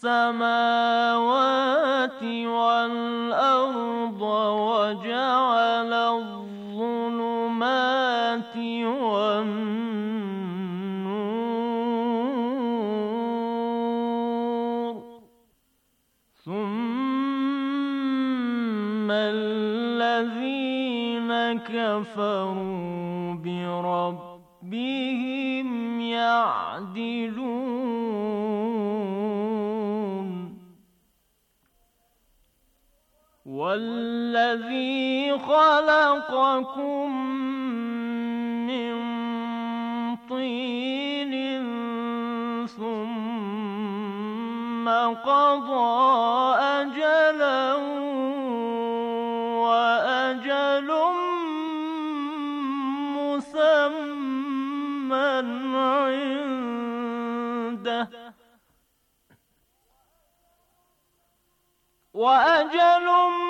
السماوات والأرض وجعل الظلمات والنور ثم الذين كفروا والذي خلقكم من طين ثم قضى أجلا وأجل مسمى عنده وأجل مسمى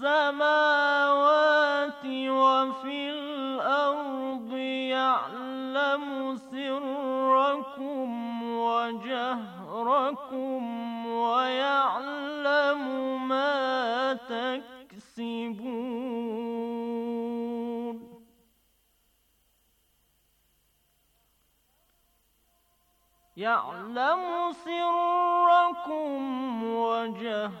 السماوات وفي الأرض يعلم سركم وجهركم ويعلم ما تكسبون يعلم سركم وجهركم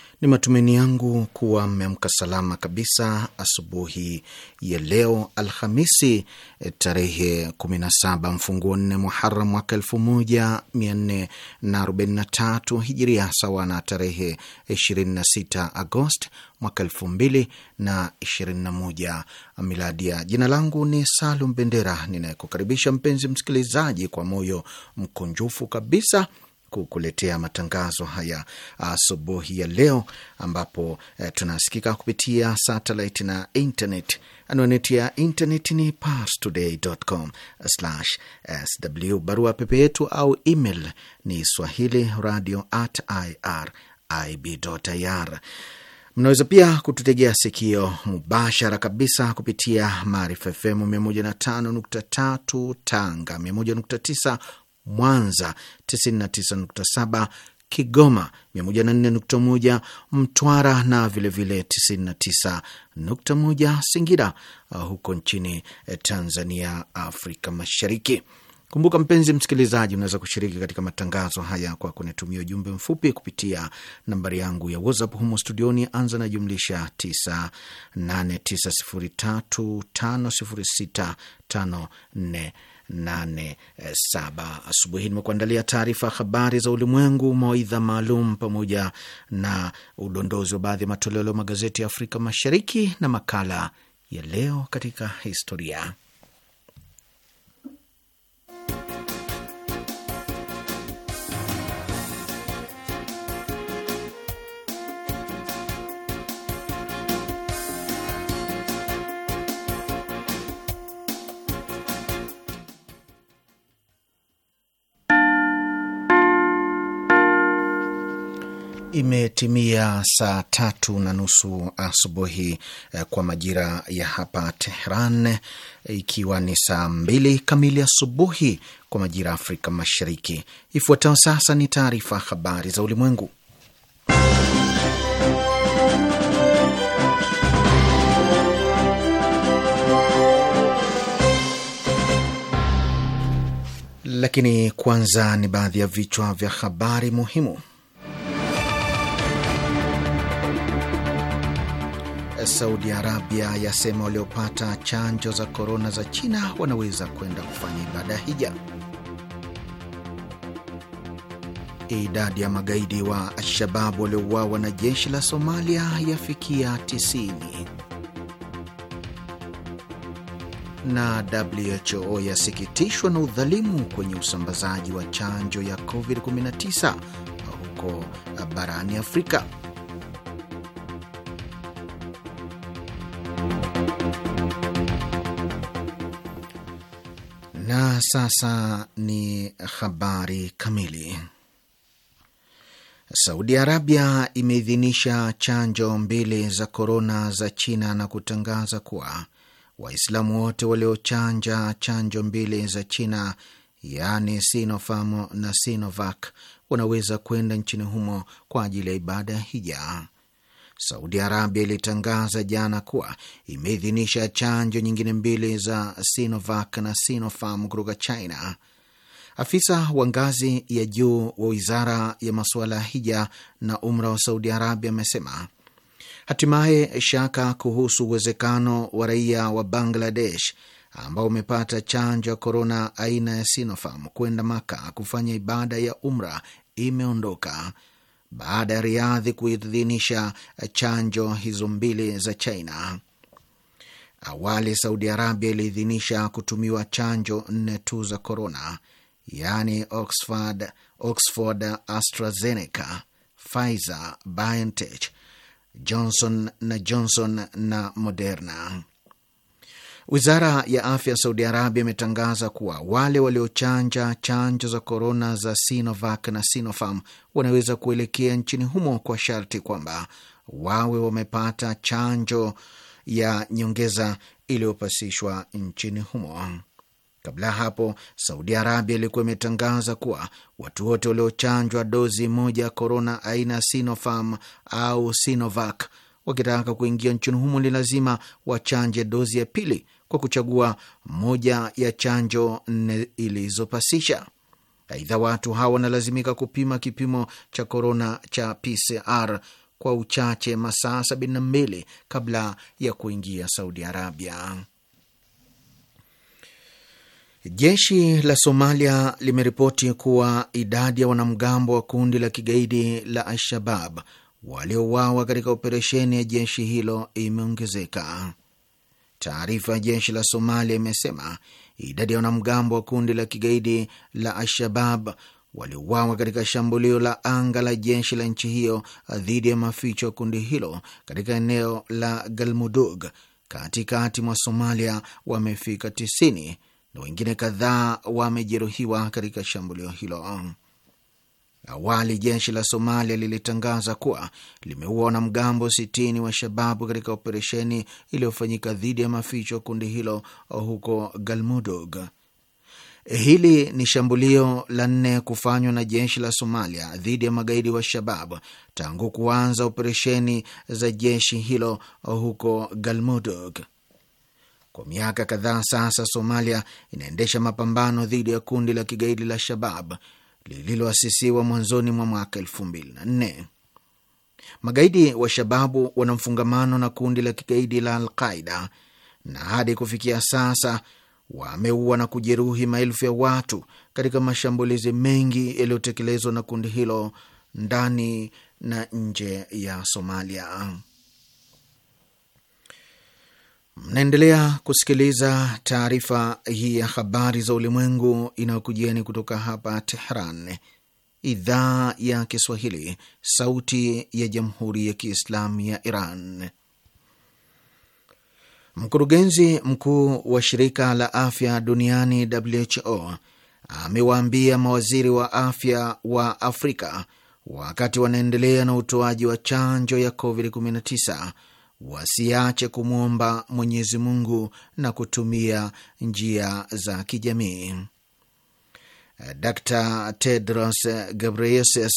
Ni matumaini yangu kuwa mmeamka salama kabisa asubuhi ya leo Alhamisi, tarehe 17 mfunguo nne Muharam mwaka 1443 Hijiria, sawa na tarehe 26 Agost mwaka 2021 Miladia. Jina langu ni Salum Bendera ninayekukaribisha mpenzi msikilizaji kwa moyo mkunjufu kabisa kukuletea matangazo haya asubuhi ya leo, ambapo eh, tunasikika kupitia satellite na internet. Anwani ya internet ni parstoday.com/sw. Barua pepe yetu au email ni swahili radio at irib.ir. Mnaweza pia kututegea sikio mubashara kabisa kupitia Maarifa FM 105.3 Tanga, 101.9 Mwanza 99.7, Kigoma 104.1, Mtwara na vilevile 99.1 Singida uh, huko nchini eh, Tanzania, Afrika Mashariki. Kumbuka mpenzi msikilizaji, unaweza kushiriki katika matangazo haya kwa kunitumia ujumbe mfupi kupitia nambari yangu ya WhatsApp humo studioni, anza na jumlisha 9890350654 87. Asubuhi nimekuandalia taarifa ya habari za ulimwengu, mawaidha maalum, pamoja na udondozi wa baadhi ya matoleo leo magazeti ya Afrika Mashariki na makala ya leo katika historia. Imetimia saa tatu na nusu asubuhi eh, kwa majira ya hapa Tehran, eh, ikiwa ni saa mbili kamili asubuhi kwa majira ya Afrika Mashariki. Ifuatayo sasa ni taarifa habari za ulimwengu, lakini kwanza ni baadhi ya vichwa vya habari muhimu. Saudi Arabia yasema waliopata chanjo za korona za China wanaweza kwenda kufanya ibada hija. Idadi ya magaidi wa Alshababu waliouawa na jeshi la Somalia yafikia 90 na WHO yasikitishwa na udhalimu kwenye usambazaji wa chanjo ya COVID-19 huko barani Afrika. sasa ni habari kamili. Saudi Arabia imeidhinisha chanjo mbili za korona za China na kutangaza kuwa Waislamu wote waliochanja chanjo mbili za China yaani Sinopharm na Sinovac wanaweza kwenda nchini humo kwa ajili ya ibada ya hija. Saudi Arabia ilitangaza jana kuwa imeidhinisha chanjo nyingine mbili za Sinovac na Sinopharm kutoka China. Afisa wa ngazi ya juu wa wizara ya masuala ya hija na umra wa Saudi Arabia amesema hatimaye shaka kuhusu uwezekano wa raia wa Bangladesh ambao umepata chanjo ya korona aina ya Sinopharm kwenda Maka kufanya ibada ya umra imeondoka baada ya Riadhi kuidhinisha chanjo hizo mbili za China. Awali Saudi Arabia iliidhinisha kutumiwa chanjo nne tu za korona, yaani Oxford, Oxford AstraZeneca, Pfizer BioNTech, Johnson na Johnson na Moderna. Wizara ya afya ya Saudi Arabia imetangaza kuwa wale waliochanja chanjo za korona za Sinovac na Sinopharm wanaweza kuelekea nchini humo kwa sharti kwamba wawe wamepata chanjo ya nyongeza iliyopasishwa nchini humo. Kabla ya hapo, Saudi Arabia ilikuwa imetangaza kuwa watu wote waliochanjwa dozi moja ya korona aina ya Sinopharm au Sinovac wakitaka kuingia nchini humo ni lazima wachanje dozi ya pili kwa kuchagua moja ya chanjo nne ilizopasisha. Aidha, watu hawa wanalazimika kupima kipimo cha korona cha PCR kwa uchache masaa mbili kabla ya kuingia Saudi Arabia. Jeshi la Somalia limeripoti kuwa idadi ya wanamgambo wa kundi la kigaidi la Alshabab waliouawa katika operesheni ya jeshi hilo imeongezeka. Taarifa ya jeshi la Somalia imesema idadi ya wanamgambo wa kundi la kigaidi la Al-Shabab waliuawa katika shambulio la anga la jeshi la nchi hiyo dhidi ya maficho ya kundi hilo katika eneo la Galmudug katikati mwa Somalia wamefika 90 na wengine kadhaa wamejeruhiwa katika shambulio hilo. Awali jeshi la Somalia lilitangaza kuwa limeua wanamgambo 60 wa Shababu katika operesheni iliyofanyika dhidi ya maficho kundi hilo huko Galmudug. Hili ni shambulio la nne kufanywa na jeshi la Somalia dhidi ya magaidi wa Shabab tangu kuanza operesheni za jeshi hilo huko Galmudug. Kwa miaka kadhaa sasa, Somalia inaendesha mapambano dhidi ya kundi la kigaidi la Shabab lililoasisiwa mwanzoni mwa mwaka elfu mbili na nne. Magaidi wa Shababu wana mfungamano na kundi la kigaidi la Alqaida na hadi kufikia sasa wameua na kujeruhi maelfu ya watu katika mashambulizi mengi yaliyotekelezwa na kundi hilo ndani na nje ya Somalia. Mnaendelea kusikiliza taarifa hii ya habari za ulimwengu inayokujieni kutoka hapa Tehran, idhaa ya Kiswahili, sauti ya jamhuri ya kiislamu ya Iran. Mkurugenzi mkuu wa shirika la afya duniani WHO amewaambia mawaziri wa afya wa Afrika wakati wanaendelea na utoaji wa chanjo ya COVID-19 wasiache kumwomba Mwenyezi Mungu na kutumia njia za kijamii. Dr Tedros Ghebreyesus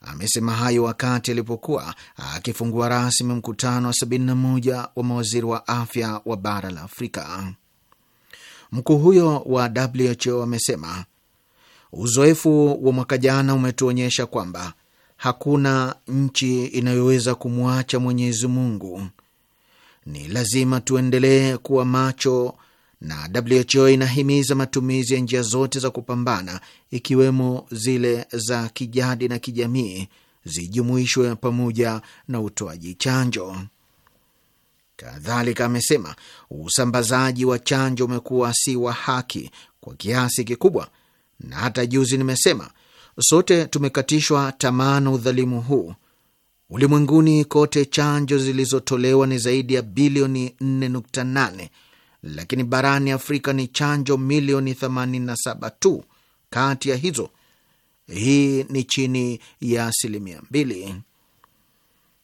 amesema hayo wakati alipokuwa akifungua rasmi mkutano wa 71 wa mawaziri wa afya wa bara la Afrika. Mkuu huyo wa WHO amesema uzoefu wa mwaka jana umetuonyesha kwamba hakuna nchi inayoweza kumwacha Mwenyezi Mungu ni lazima tuendelee kuwa macho, na WHO inahimiza matumizi ya njia zote za kupambana, ikiwemo zile za kijadi na kijamii, zijumuishwe pamoja na utoaji chanjo. Kadhalika amesema usambazaji wa chanjo umekuwa si wa haki kwa kiasi kikubwa, na hata juzi nimesema sote tumekatishwa tamaa na udhalimu huu Ulimwenguni kote chanjo zilizotolewa ni zaidi ya bilioni 4.8, lakini barani Afrika ni chanjo milioni 87 tu kati ya hizo. Hii ni chini ya asilimia mbili.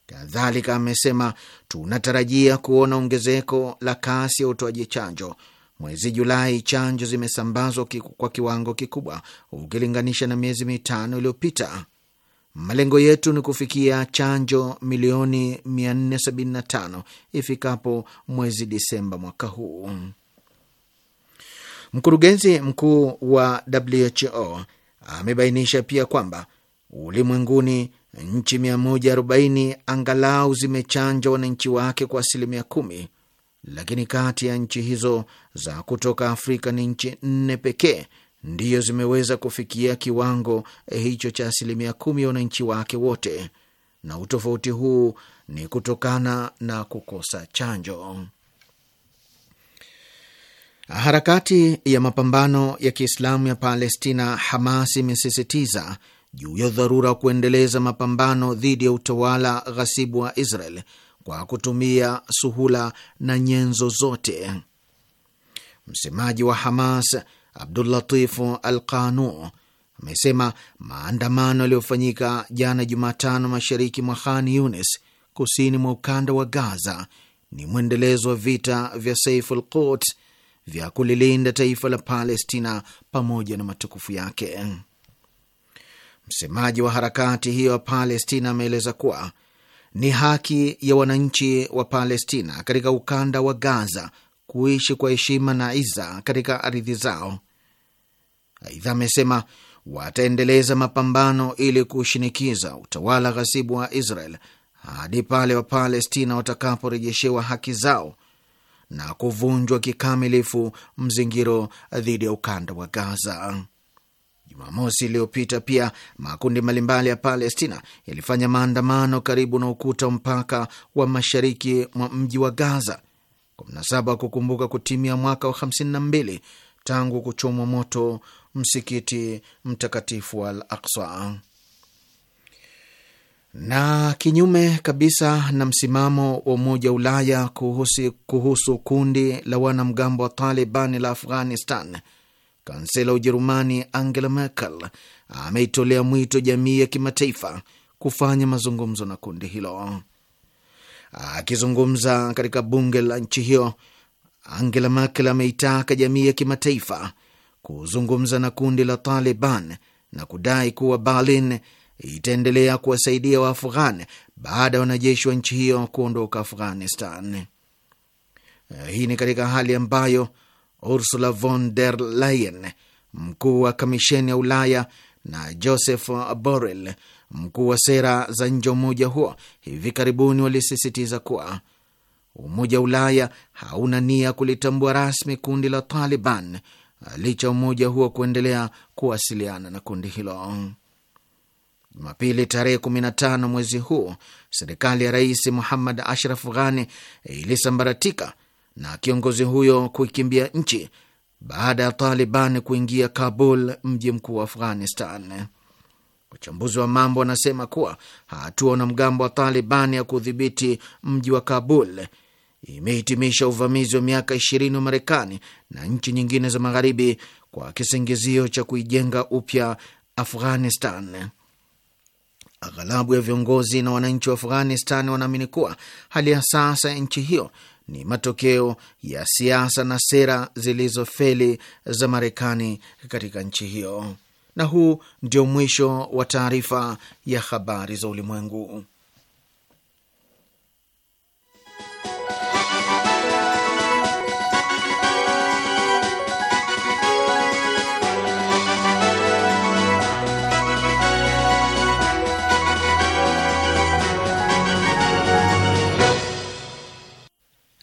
Kadhalika amesema tunatarajia kuona ongezeko la kasi ya utoaji chanjo. Mwezi Julai chanjo zimesambazwa kwa kiwango kikubwa ukilinganisha na miezi mitano iliyopita. Malengo yetu ni kufikia chanjo milioni 475 ifikapo mwezi Disemba mwaka huu. Mkurugenzi mkuu wa WHO amebainisha pia kwamba ulimwenguni nchi 140 angalau zimechanja wananchi wake kwa asilimia kumi, lakini kati ya nchi hizo za kutoka Afrika ni nchi nne pekee ndiyo zimeweza kufikia kiwango eh, hicho cha asilimia kumi ya wananchi wake wote, na utofauti huu ni kutokana na kukosa chanjo. Harakati ya mapambano ya Kiislamu ya Palestina, Hamas, imesisitiza juu ya dharura wa kuendeleza mapambano dhidi ya utawala ghasibu wa Israel kwa kutumia suhula na nyenzo zote. Msemaji wa Hamas Abdulatif Al Qanu amesema maandamano yaliyofanyika jana Jumatano mashariki mwa Khan Yunis, kusini mwa ukanda wa Gaza, ni mwendelezo wa vita vya Saiful Al vya kulilinda taifa la Palestina pamoja na matukufu yake. Msemaji wa harakati hiyo ya Palestina ameeleza kuwa ni haki ya wananchi wa Palestina katika ukanda wa Gaza kuishi kwa heshima na iza katika ardhi zao Aidha amesema wataendeleza mapambano ili kushinikiza utawala ghasibu wa Israel hadi pale Wapalestina watakaporejeshewa haki zao na kuvunjwa kikamilifu mzingiro dhidi ya ukanda wa Gaza. Jumamosi iliyopita pia makundi mbalimbali ya Palestina yalifanya maandamano karibu na ukuta mpaka wa mashariki mwa mji wa Gaza kwa mnasaba kukumbuka kutimia mwaka wa 52 tangu kuchomwa moto msikiti mtakatifu wa Al Aqsa. Na kinyume kabisa na msimamo wa Umoja wa Ulaya kuhusu, kuhusu kundi la wanamgambo wa Taliban la Afghanistan, kansela wa Ujerumani Angela Merkel ameitolea mwito jamii ya kimataifa kufanya mazungumzo na kundi hilo. Akizungumza katika bunge la nchi hiyo, Angela Merkel ameitaka jamii ya kimataifa kuzungumza na kundi la Taliban na kudai kuwa Berlin itaendelea kuwasaidia Waafghan baada ya wanajeshi wa nchi hiyo kuondoka Afghanistan. Eh, hii ni katika hali ambayo Ursula von der Leyen, mkuu wa kamisheni ya Ulaya, na Joseph Borrell, mkuu wa sera za nje wa umoja huo, hivi karibuni walisisitiza kuwa Umoja wa Ulaya hauna nia kulitambua rasmi kundi la Taliban licha umoja huo kuendelea kuwasiliana na kundi hilo. Jumapili tarehe 15 mwezi huu, serikali ya Rais Muhammad Ashraf Ghani ilisambaratika na kiongozi huyo kuikimbia nchi baada ya Taliban kuingia Kabul, mji mkuu wa Afghanistan. Wachambuzi wa mambo wanasema kuwa hatua mgambo wa Taliban ya kudhibiti mji wa Kabul imehitimisha uvamizi wa miaka ishirini wa Marekani na nchi nyingine za Magharibi kwa kisingizio cha kuijenga upya Afghanistan. Aghalabu ya viongozi na wananchi wa Afghanistan wanaamini kuwa hali ya sasa ya nchi hiyo ni matokeo ya siasa na sera zilizofeli za Marekani katika nchi hiyo. Na huu ndio mwisho wa taarifa ya habari za ulimwengu.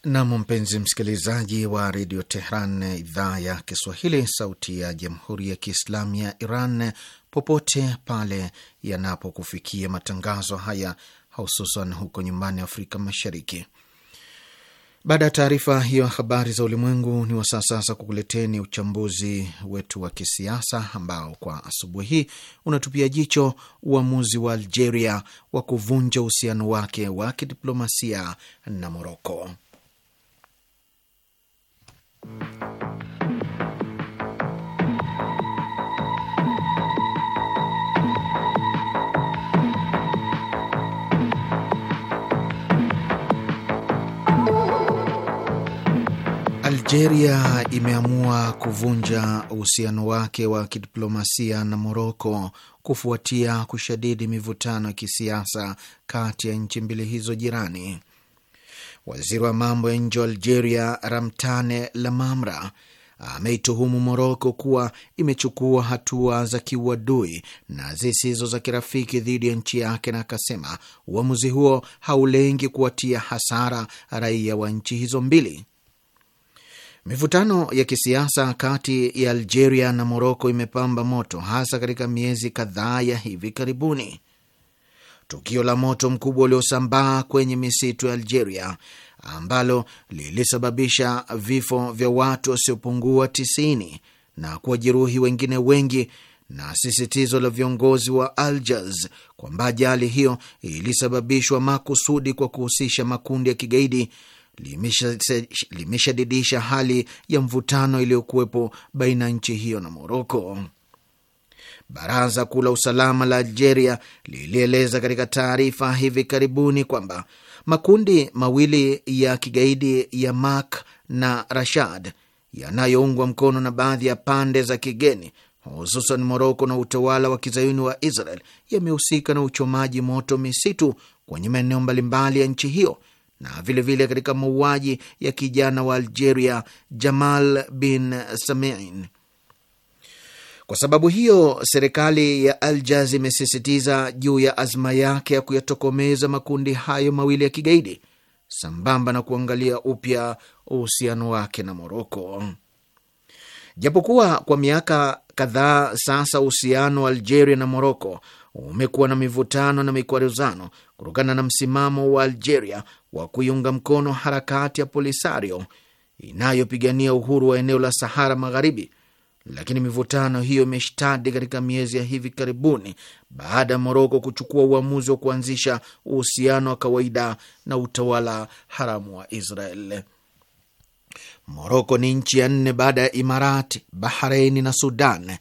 Nam, mpenzi msikilizaji wa redio Tehran, idhaa ya Kiswahili, sauti ya jamhuri ya kiislamu ya Iran, popote pale yanapokufikia matangazo haya, hususan huko nyumbani Afrika Mashariki. Baada ya taarifa hiyo habari za ulimwengu, ni wasaa sasa kukuleteni uchambuzi wetu wa kisiasa ambao kwa asubuhi hii unatupia jicho uamuzi wa Algeria wa kuvunja uhusiano wake wa kidiplomasia na Moroko. Algeria imeamua kuvunja uhusiano wake wa kidiplomasia na Moroko kufuatia kushadidi mivutano ya kisiasa kati ya nchi mbili hizo jirani. Waziri wa mambo ya nje wa Algeria Ramtane Lamamra ameituhumu Moroko kuwa imechukua hatua za kiuadui na zisizo za kirafiki dhidi ya nchi yake, na akasema uamuzi huo haulengi kuwatia hasara raia wa nchi hizo mbili. Mivutano ya kisiasa kati ya Algeria na Moroko imepamba moto hasa katika miezi kadhaa ya hivi karibuni tukio la moto mkubwa uliosambaa kwenye misitu ya Algeria ambalo lilisababisha vifo vya watu wasiopungua 90 na kuwajeruhi wengine wengi na sisitizo la viongozi wa Algiers kwamba ajali hiyo ilisababishwa makusudi kwa kuhusisha makundi ya kigaidi limeshadidisha hali ya mvutano iliyokuwepo baina ya nchi hiyo na Moroko. Baraza Kuu la Usalama la Algeria lilieleza katika taarifa hivi karibuni kwamba makundi mawili ya kigaidi ya Mak na Rashad yanayoungwa mkono na baadhi ya pande za kigeni hususan Moroko na utawala wa kizayuni wa Israel yamehusika na uchomaji moto misitu kwenye maeneo mbalimbali ya nchi hiyo na vilevile vile katika mauaji ya kijana wa Algeria Jamal bin Samein. Kwa sababu hiyo, serikali ya aljaz imesisitiza juu ya azma yake ya kuyatokomeza makundi hayo mawili ya kigaidi sambamba na kuangalia upya uhusiano wake na Moroko. Japokuwa kwa miaka kadhaa sasa uhusiano wa Algeria na Moroko umekuwa na mivutano na mikwaruzano kutokana na msimamo wa Algeria wa kuiunga mkono harakati ya Polisario inayopigania uhuru wa eneo la Sahara Magharibi lakini mivutano hiyo imeshtadi katika miezi ya hivi karibuni baada ya Moroko kuchukua uamuzi wa kuanzisha uhusiano wa kawaida na utawala haramu wa Israel. Moroko ni nchi ya nne baada ya Imarati, Bahreini na Sudan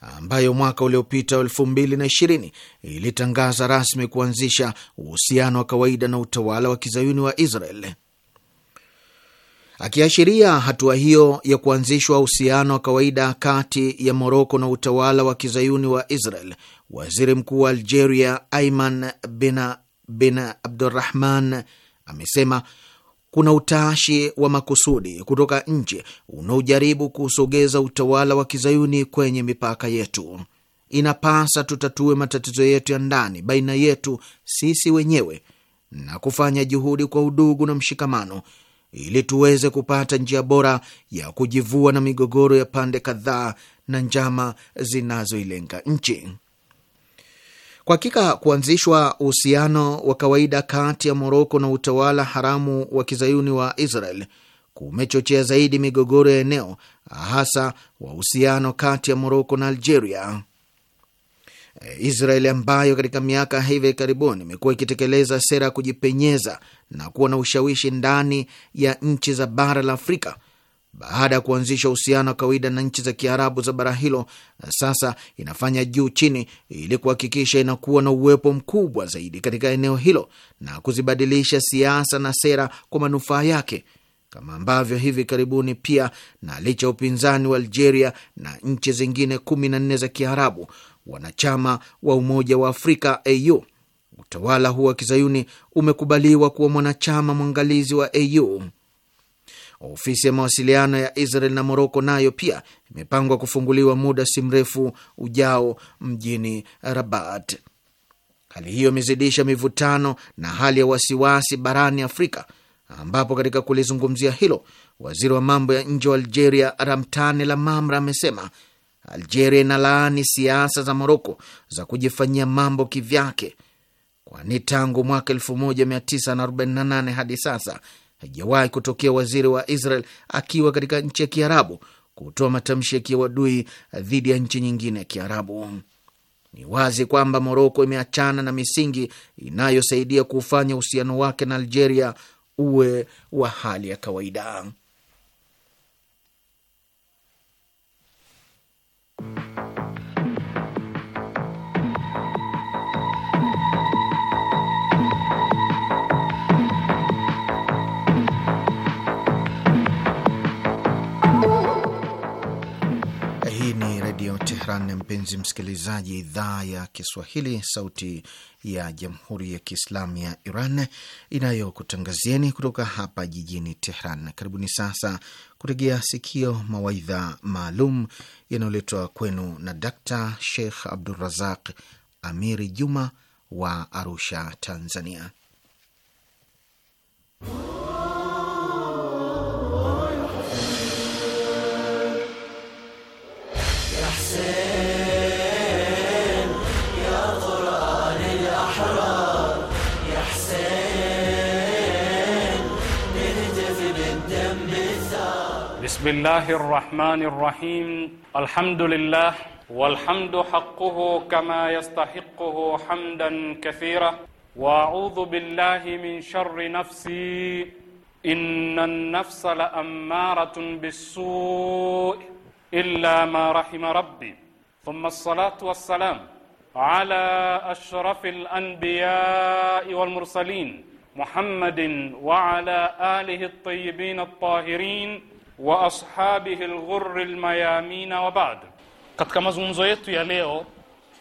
ambayo mwaka uliopita elfu mbili na ishirini ilitangaza rasmi kuanzisha uhusiano wa kawaida na utawala wa kizayuni wa Israel akiashiria hatua hiyo ya kuanzishwa uhusiano wa kawaida kati ya Moroko na utawala wa kizayuni wa Israel. Waziri mkuu wa Algeria Aiman bin, bin Abdurrahman amesema kuna utashi wa makusudi kutoka nje unaojaribu kusogeza utawala wa kizayuni kwenye mipaka yetu. Inapasa tutatue matatizo yetu ya ndani baina yetu sisi wenyewe na kufanya juhudi kwa udugu na mshikamano ili tuweze kupata njia bora ya kujivua na migogoro ya pande kadhaa na njama zinazoilenga nchi. Kwa hakika kuanzishwa uhusiano wa kawaida kati ya Moroko na utawala haramu wa kizayuni wa Israel kumechochea zaidi migogoro ya eneo, hasa wa uhusiano kati ya Moroko na Algeria. Eh, Israeli ambayo katika miaka hivi karibuni imekuwa ikitekeleza sera ya kujipenyeza na kuwa na ushawishi ndani ya nchi za bara la Afrika baada ya kuanzisha uhusiano wa kawaida na nchi za Kiarabu za bara hilo, sasa inafanya juu chini ili kuhakikisha inakuwa na uwepo mkubwa zaidi katika eneo hilo na kuzibadilisha siasa na sera kwa manufaa yake, kama ambavyo hivi karibuni pia na licha ya upinzani wa Algeria na nchi zingine kumi na nne za Kiarabu wanachama wa Umoja wa Afrika AU. Utawala huo wa kizayuni umekubaliwa kuwa mwanachama mwangalizi wa AU. Ofisi ya mawasiliano ya Israel na Moroko nayo pia imepangwa kufunguliwa muda si mrefu ujao mjini Rabat. Hali hiyo imezidisha mivutano na hali ya wasiwasi barani Afrika, ambapo katika kulizungumzia hilo waziri wa mambo ya nje wa Algeria Ramtane Lamamra amesema Algeria inalaani siasa za Moroko za kujifanyia mambo kivyake, kwani tangu mwaka 1948 hadi sasa haijawahi kutokea waziri wa Israel akiwa katika nchi ya Kiarabu kutoa matamshi ya kiuadui dhidi ya nchi nyingine ya Kiarabu. Ni wazi kwamba Moroko imeachana na misingi inayosaidia kuufanya uhusiano wake na Algeria uwe wa hali ya kawaida. Thank you. Tehran, mpenzi msikilizaji, idhaa ya Kiswahili, sauti ya jamhuri ya kiislamu ya Iran inayokutangazieni kutoka hapa jijini Tehran. Karibuni sasa kutegea sikio mawaidha maalum yanayoletwa kwenu na Dakta Sheikh Abdurazaq Amiri Juma wa Arusha, Tanzania. حسين يا قرآن الأحرار يا حسين نهتف بالدم بالثار بسم الله الرحمن الرحيم الحمد لله والحمد حقه كما يستحقه حمدا كثيرا وأعوذ بالله من شر نفسي إن النفس لأمارة بالسوء إلا ما رحم ربي ثم الصلاة والسلام على أشرف الأنبياء والمرسلين محمد وعلى آله الطيبين الطاهرين وأصحابه الغر الميامين وبعد katika mazungumzo yetu ya leo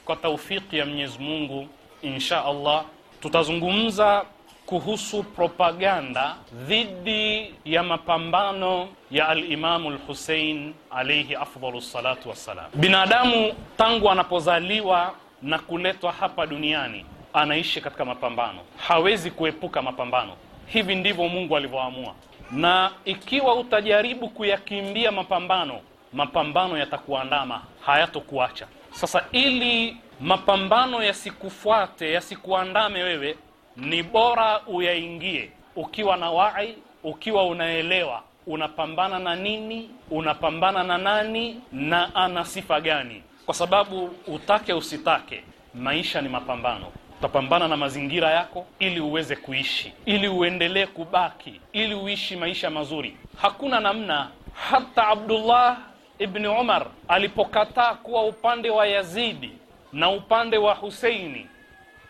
kwa taufiki ya mwenyezi mungu insha allah tutazungumza kuhusu propaganda dhidi ya mapambano ya alimamu Lhusein alaihi afdalu salatu wassalam. Binadamu tangu anapozaliwa na kuletwa hapa duniani anaishi katika mapambano, hawezi kuepuka mapambano. Hivi ndivyo Mungu alivyoamua, na ikiwa utajaribu kuyakimbia mapambano, mapambano yatakuandama, hayatokuacha. Sasa ili mapambano yasikufuate, yasikuandame wewe ni bora uyaingie ukiwa na wai, ukiwa unaelewa unapambana na nini, unapambana na nani na ana sifa gani, kwa sababu utake usitake, maisha ni mapambano. Utapambana na mazingira yako ili uweze kuishi, ili uendelee kubaki, ili uishi maisha mazuri. Hakuna namna. Hata Abdullah ibni Umar alipokataa kuwa upande wa Yazidi na upande wa Huseini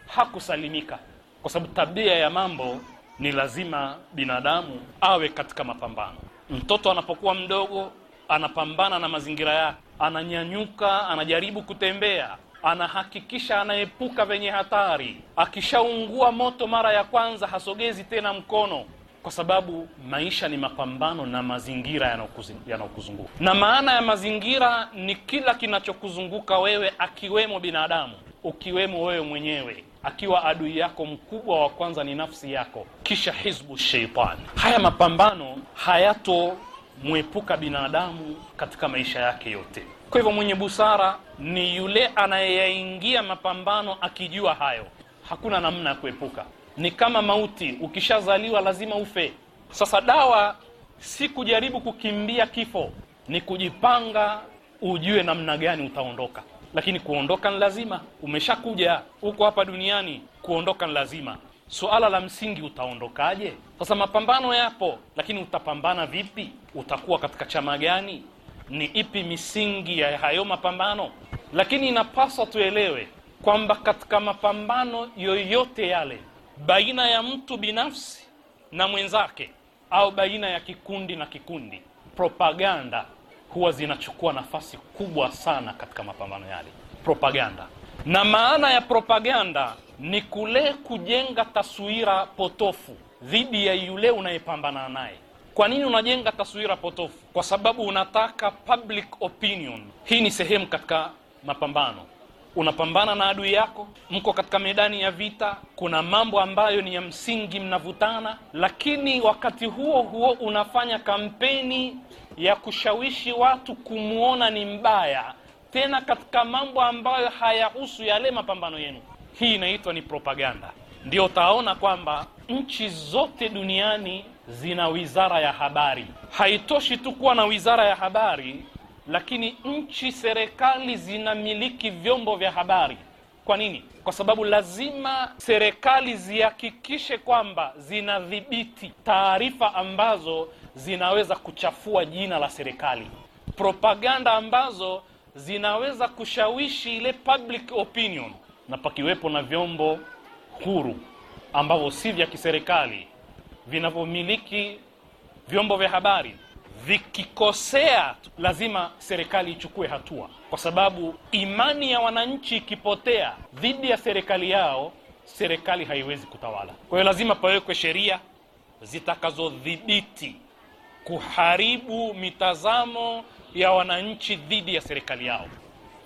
hakusalimika kwa sababu tabia ya mambo ni lazima binadamu awe katika mapambano. Mtoto anapokuwa mdogo anapambana na mazingira yake, ananyanyuka, anajaribu kutembea, anahakikisha anaepuka venye hatari. Akishaungua moto mara ya kwanza hasogezi tena mkono, kwa sababu maisha ni mapambano na mazingira yanayokuzunguka. Na maana ya mazingira ni kila kinachokuzunguka wewe, akiwemo binadamu, ukiwemo wewe mwenyewe akiwa adui yako mkubwa wa kwanza ni nafsi yako, kisha hizbu sheitani. Haya mapambano hayatomwepuka binadamu katika maisha yake yote. Kwa hivyo mwenye busara ni yule anayeyaingia mapambano akijua hayo, hakuna namna ya kuepuka. Ni kama mauti, ukishazaliwa lazima ufe. Sasa dawa si kujaribu kukimbia kifo, ni kujipanga, ujue namna gani utaondoka lakini kuondoka ni lazima. Umeshakuja huko hapa duniani, kuondoka ni lazima. Suala la msingi, utaondokaje? Sasa mapambano yapo, lakini utapambana vipi? Utakuwa katika chama gani? Ni ipi misingi ya hayo mapambano? Lakini inapaswa tuelewe kwamba katika mapambano yoyote yale, baina ya mtu binafsi na mwenzake, au baina ya kikundi na kikundi, propaganda huwa zinachukua nafasi kubwa sana katika mapambano yale, propaganda. Na maana ya propaganda ni kule kujenga taswira potofu dhidi ya yule unayepambana naye. Kwa nini unajenga taswira potofu? Kwa sababu unataka public opinion. Hii ni sehemu katika mapambano unapambana na adui yako, mko katika medani ya vita, kuna mambo ambayo ni ya msingi, mnavutana, lakini wakati huo huo unafanya kampeni ya kushawishi watu kumwona ni mbaya, tena katika mambo ambayo hayahusu yale mapambano yenu. Hii inaitwa ni propaganda. Ndio utaona kwamba nchi zote duniani zina wizara ya habari. Haitoshi tu kuwa na wizara ya habari, lakini nchi, serikali zinamiliki vyombo vya habari. Kwa nini? Kwa sababu lazima serikali zihakikishe kwamba zinadhibiti taarifa ambazo zinaweza kuchafua jina la serikali, propaganda ambazo zinaweza kushawishi ile public opinion, na pakiwepo na vyombo huru ambavyo si vya kiserikali vinavyomiliki vyombo vya habari vikikosea, lazima serikali ichukue hatua, kwa sababu imani ya wananchi ikipotea dhidi ya serikali yao, serikali haiwezi kutawala. Kwa hiyo lazima pawekwe sheria zitakazodhibiti kuharibu mitazamo ya wananchi dhidi ya serikali yao.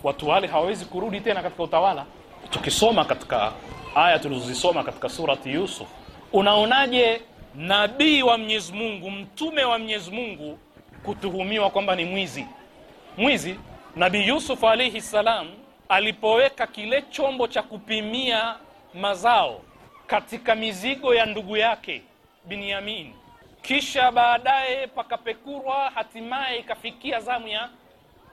Watu wale hawawezi kurudi tena katika utawala. Tukisoma katika aya tulizozisoma katika surati Yusuf, unaonaje nabii wa Mwenyezi Mungu, mtume wa Mwenyezi Mungu kutuhumiwa kwamba ni mwizi? Mwizi Nabii Yusuf alaihi salam alipoweka kile chombo cha kupimia mazao katika mizigo ya ndugu yake Binyamin kisha baadaye pakapekurwa, hatimaye ikafikia zamu ya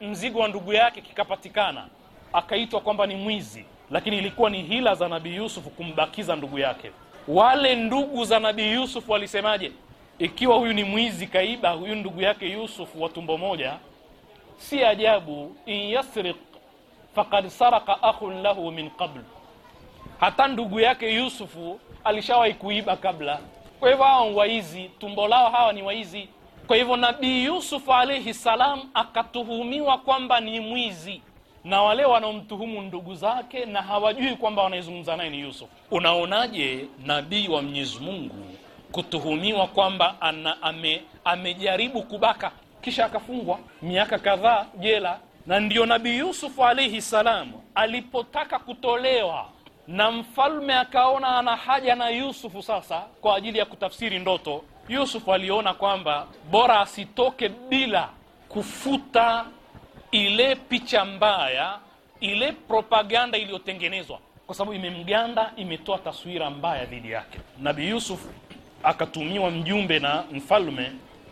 mzigo wa ndugu yake, kikapatikana, akaitwa kwamba ni mwizi, lakini ilikuwa ni hila za Nabii yusufu kumbakiza ndugu yake. Wale ndugu za Nabii yusufu walisemaje? Ikiwa huyu ni mwizi kaiba, huyu ndugu yake yusufu wa tumbo moja, si ajabu. in yasriq fakad saraka akhun lahu min qabl, hata ndugu yake Yusufu alishawahi kuiba kabla kwa hivyo hawa waizi tumbo lao hawa ni waizi kwa hivyo nabii yusufu alaihi salam akatuhumiwa kwamba ni mwizi na wale wanaomtuhumu ndugu zake na hawajui kwamba wanaezungumza naye ni yusuf unaonaje nabii wa mwenyezi mungu kutuhumiwa kwamba ana, ame, amejaribu kubaka kisha akafungwa miaka kadhaa jela na ndiyo nabii yusufu alaihi salam alipotaka kutolewa na mfalme akaona ana haja na Yusufu sasa kwa ajili ya kutafsiri ndoto. Yusufu aliona kwamba bora asitoke bila kufuta ile picha mbaya, ile propaganda iliyotengenezwa, kwa sababu imemganda, imetoa taswira mbaya dhidi yake. nabi Yusufu akatumiwa mjumbe na mfalme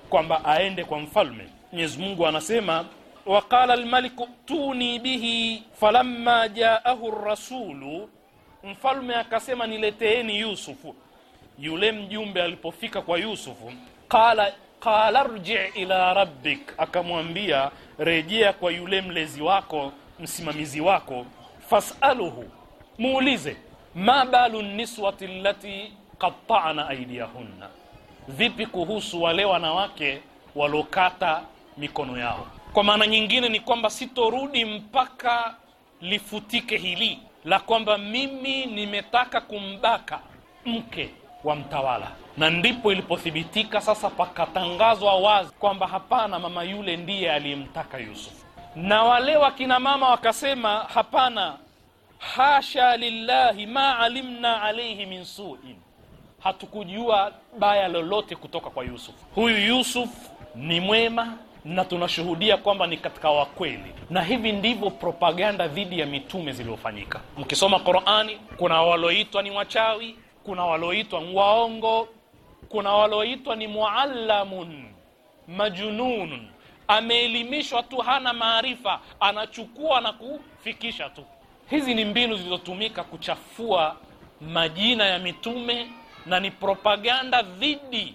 kwamba aende kwa mfalme. Mwenyezi Mungu anasema waqala almaliku tuni bihi falamma jaahu rasulu mfalme akasema nileteeni Yusufu yule mjumbe alipofika kwa Yusufu qala qala rji ila rabbik akamwambia rejea kwa yule mlezi wako msimamizi wako fasaluhu muulize ma balu niswati allati qatta'na aydiyahunna vipi kuhusu wale wanawake walokata mikono yao kwa maana nyingine ni kwamba sitorudi mpaka lifutike hili la kwamba mimi nimetaka kumbaka mke wa mtawala, na ndipo ilipothibitika sasa, pakatangazwa wazi kwamba hapana, mama yule ndiye aliyemtaka Yusuf, na wale wakina mama wakasema hapana, hasha lillahi ma alimna alaihi min suin, hatukujua baya lolote kutoka kwa Yusuf. Huyu Yusuf ni mwema na tunashuhudia kwamba ni katika wakweli, na hivi ndivyo propaganda dhidi ya mitume zilizofanyika. Mkisoma Qurani kuna waloitwa ni wachawi, kuna waloitwa waongo, kuna waloitwa ni muallamun majununun, ameelimishwa tu, hana maarifa, anachukua na kufikisha tu. Hizi ni mbinu zilizotumika kuchafua majina ya mitume na ni propaganda dhidi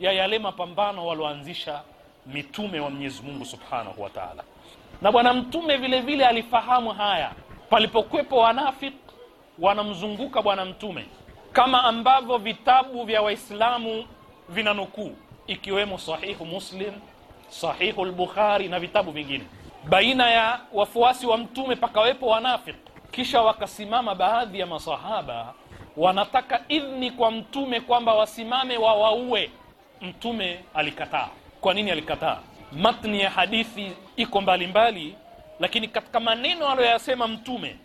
ya yale mapambano walioanzisha mitume wa Mwenyezi Mungu Subhanahu wa Ta'ala. Na bwana mtume vile vile alifahamu haya, palipokwepo wanafik wanamzunguka bwana mtume, kama ambavyo vitabu vya Waislamu nukuu ikiwemo Sahihu Muslim, Sahihu al-Bukhari na vitabu vingine. Baina ya wafuasi wa mtume pakawepo wanafik, kisha wakasimama baadhi ya masahaba wanataka idhni kwa mtume kwamba wasimame wawaue. Mtume alikataa. Kwa nini alikataa? Matni ya hadithi iko mbalimbali mbali, lakini katika maneno aliyoyasema Mtume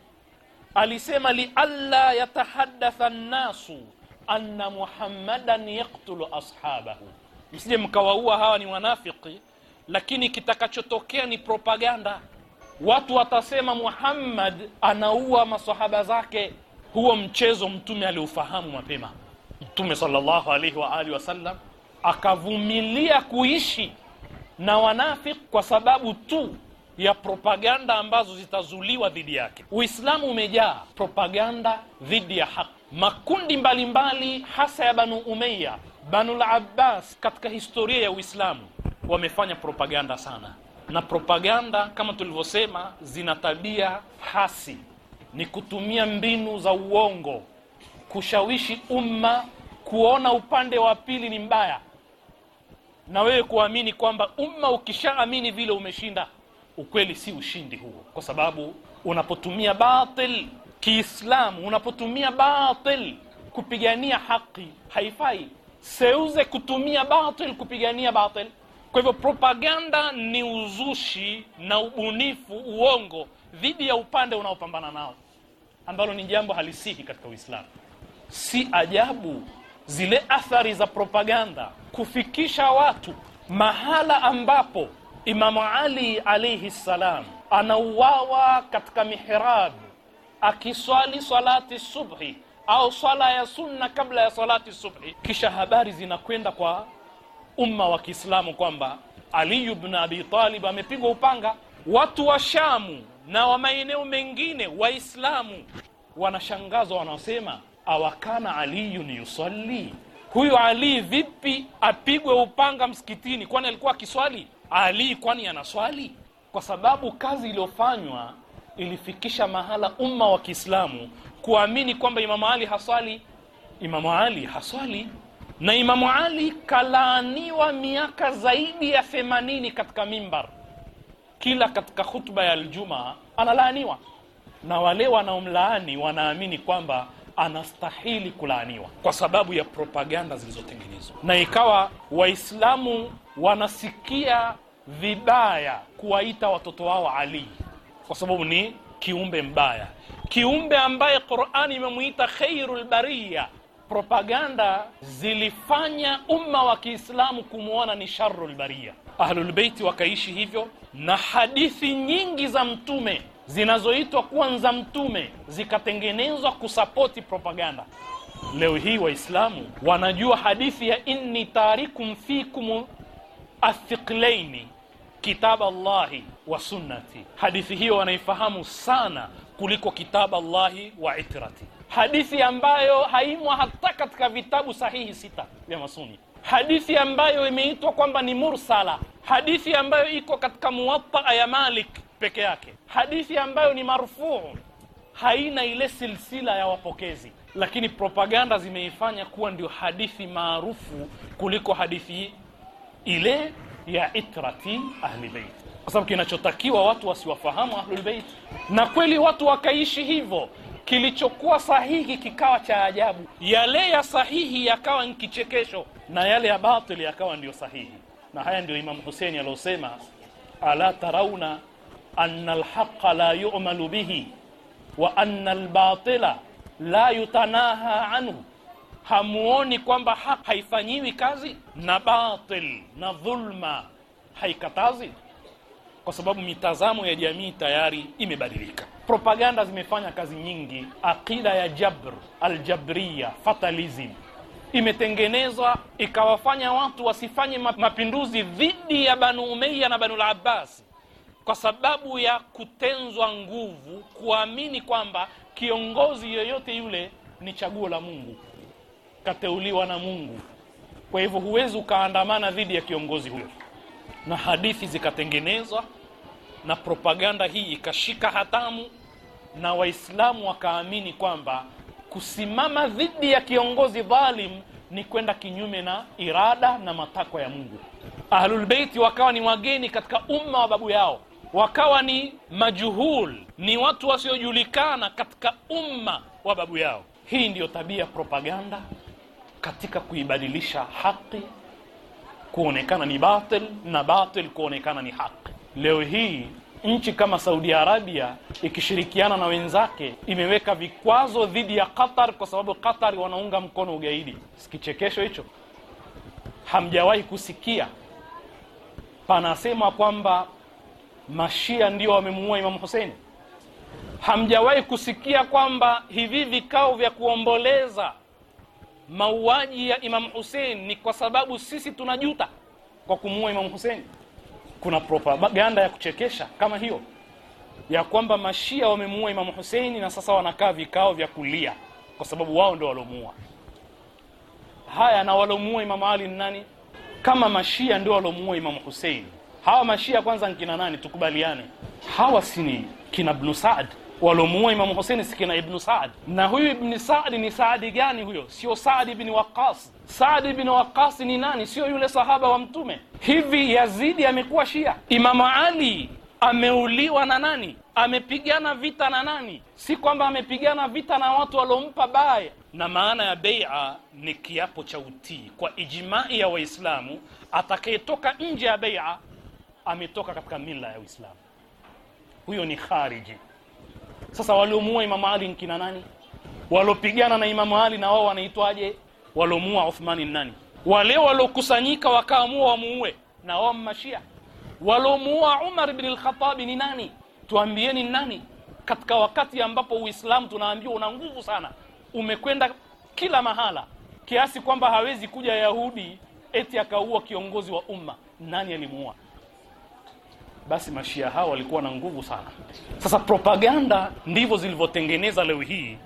alisema lialla yatahadatha nnasu anna Muhammadan yaktulu ashabahu, msije mkawaua hawa ni wanafiki, lakini kitakachotokea ni propaganda. Watu watasema Muhammad anaua masahaba zake. Huo mchezo Mtume aliufahamu mapema. Mtume sallallahu alaihi wa alihi wasallam akavumilia kuishi na wanafiki kwa sababu tu ya propaganda ambazo zitazuliwa dhidi yake. Uislamu umejaa propaganda dhidi ya haki. Makundi mbalimbali mbali, hasa ya Banu Umeya, banul abbas katika historia ya Uislamu wamefanya propaganda sana, na propaganda kama tulivyosema, zina tabia hasi, ni kutumia mbinu za uongo kushawishi umma kuona upande wa pili ni mbaya na wewe kuamini kwamba umma ukishaamini vile umeshinda ukweli si ushindi huo kwa sababu unapotumia batil kiislamu unapotumia batil kupigania haki haifai seuze kutumia batil kupigania batil kwa hivyo propaganda ni uzushi na ubunifu uongo dhidi ya upande unaopambana nao ambalo ni jambo halisihi katika uislamu si ajabu zile athari za propaganda kufikisha watu mahala ambapo Imamu Ali alaihi ssalam anauawa katika mihrab akiswali salati subhi au swala ya sunna kabla ya salati subhi, kisha habari zinakwenda kwa umma wa Kiislamu kwamba Ali ibn Abi Talib amepigwa upanga. Watu wa Shamu na wa maeneo mengine Waislamu wanashangazwa, wanasema awakana aliyun yusalli, huyu Ali vipi apigwe upanga msikitini? Kwani alikuwa akiswali Ali? Kwani anaswali? Kwa sababu kazi iliyofanywa ilifikisha mahala umma wa Kiislamu kuamini kwamba Imamu Ali haswali. Imamu Ali haswali, na Imamu Ali kalaaniwa miaka zaidi ya themanini katika mimbar, kila katika khutba ya aljuma analaaniwa, na wale wanaomlaani wanaamini kwamba anastahili kulaaniwa kwa sababu ya propaganda zilizotengenezwa, na ikawa Waislamu wanasikia vibaya kuwaita watoto wao Ali kwa sababu ni kiumbe mbaya, kiumbe ambaye Qurani imemwita khairul bariya. Propaganda zilifanya umma wa Kiislamu kumwona ni sharul bariya. Ahlulbeiti wakaishi hivyo, na hadithi nyingi za Mtume zinazoitwa kwanza mtume zikatengenezwa kusapoti propaganda. Leo hii Waislamu wanajua hadithi ya inni tarikum fikum athiqlaini kitab Allahi wa sunnati. Hadithi hiyo wanaifahamu sana kuliko kitab Allahi wa itrati, hadithi ambayo haimwa hata katika vitabu sahihi sita vya Masuni, hadithi ambayo imeitwa kwamba ni mursala, hadithi ambayo iko katika Muwatta ya Malik peke yake. Hadithi ambayo ni marufuu haina ile silsila ya wapokezi, lakini propaganda zimeifanya kuwa ndio hadithi maarufu kuliko hadithi ile ya itrati ahlibeit kwa sababu kinachotakiwa watu wasiwafahamu ahlulbeit, na kweli watu wakaishi hivyo. Kilichokuwa sahihi kikawa cha ajabu, yale ya sahihi yakawa ni kichekesho, na yale ya batili yakawa ndiyo sahihi. Na haya ndio Imamu Huseini aliosema ala tarauna anna alhaqa la yu'malu bihi wa anna albatila la yutanaha anhu hamuoni kwamba haq haifanyiwi kazi na batil na dhulma haikatazi kwa sababu mitazamo ya jamii tayari imebadilika propaganda zimefanya kazi nyingi aqida ya jabr aljabriya fatalism imetengenezwa ikawafanya watu wasifanye mapinduzi dhidi ya banu umeya na banu labbasi kwa sababu ya kutenzwa nguvu, kuamini kwamba kiongozi yoyote yule ni chaguo la Mungu, kateuliwa na Mungu. Kwa hivyo huwezi ukaandamana dhidi ya kiongozi huyo, na hadithi zikatengenezwa na propaganda hii ikashika hatamu, na Waislamu wakaamini kwamba kusimama dhidi ya kiongozi dhalimu ni kwenda kinyume na irada na matakwa ya Mungu. Ahlulbeiti wakawa ni wageni katika umma wa babu yao wakawa ni majuhul, ni watu wasiojulikana katika umma wa babu yao. Hii ndiyo tabia propaganda katika kuibadilisha haki kuonekana ni batil na batil kuonekana ni haki. Leo hii nchi kama Saudi Arabia ikishirikiana na wenzake imeweka vikwazo dhidi ya Qatar kwa sababu Qatar wanaunga mkono ugaidi. Sikichekesho hicho? Hamjawahi kusikia panasema kwamba Mashia ndio wamemuua Imamu Huseini. Hamjawahi kusikia kwamba hivi vikao vya kuomboleza mauaji ya Imamu Husein ni kwa sababu sisi tunajuta kwa kumuua Imamu huseini Kuna propaganda ya kuchekesha kama hiyo ya kwamba mashia wamemuua Imamu Huseini na sasa wanakaa vikao vya kulia kwa sababu wao ndio walomuua. Haya, na walomuua Imamu Ali ni nani kama mashia ndio walomuua Imamu Husein? hawa mashia kwanza nkina nani? Tukubaliane, hawa sini kina Bnu Saad walomuua Imamu Huseni si kina Ibnu Saad? Na huyu Ibni Saadi ni Saadi gani huyo? Sio Saadi bni Waqas. Saadi bni Waqas ni nani? Sio yule sahaba wa Mtume. Hivi Yazidi amekuwa Shia? Imamu Ali ameuliwa na nani? Amepigana vita na nani? Si kwamba amepigana vita na watu waliompa baya. Na maana ya beia ni kiapo cha utii kwa ijmai ya Waislamu, atakayetoka nje ya beia ametoka katika mila ya Uislamu. Huyo ni khariji. Sasa waliomuua Imamu Ali ni kina nani? Walopigana na Imamu Ali na wao wanaitwaje? Waliomuua Uthmani ni nani? Wale waliokusanyika wakaamua wamuue na wao mmashia. Waliomuua Umar ibn al-Khattab ni nani? Tuambieni nani? Katika wakati ambapo Uislamu tunaambiwa una nguvu sana, umekwenda kila mahala, kiasi kwamba hawezi kuja Yahudi eti akaua kiongozi wa umma. Nani alimuua? basi mashia hao walikuwa na nguvu sana. Sasa propaganda ndivyo zilivyotengeneza leo hii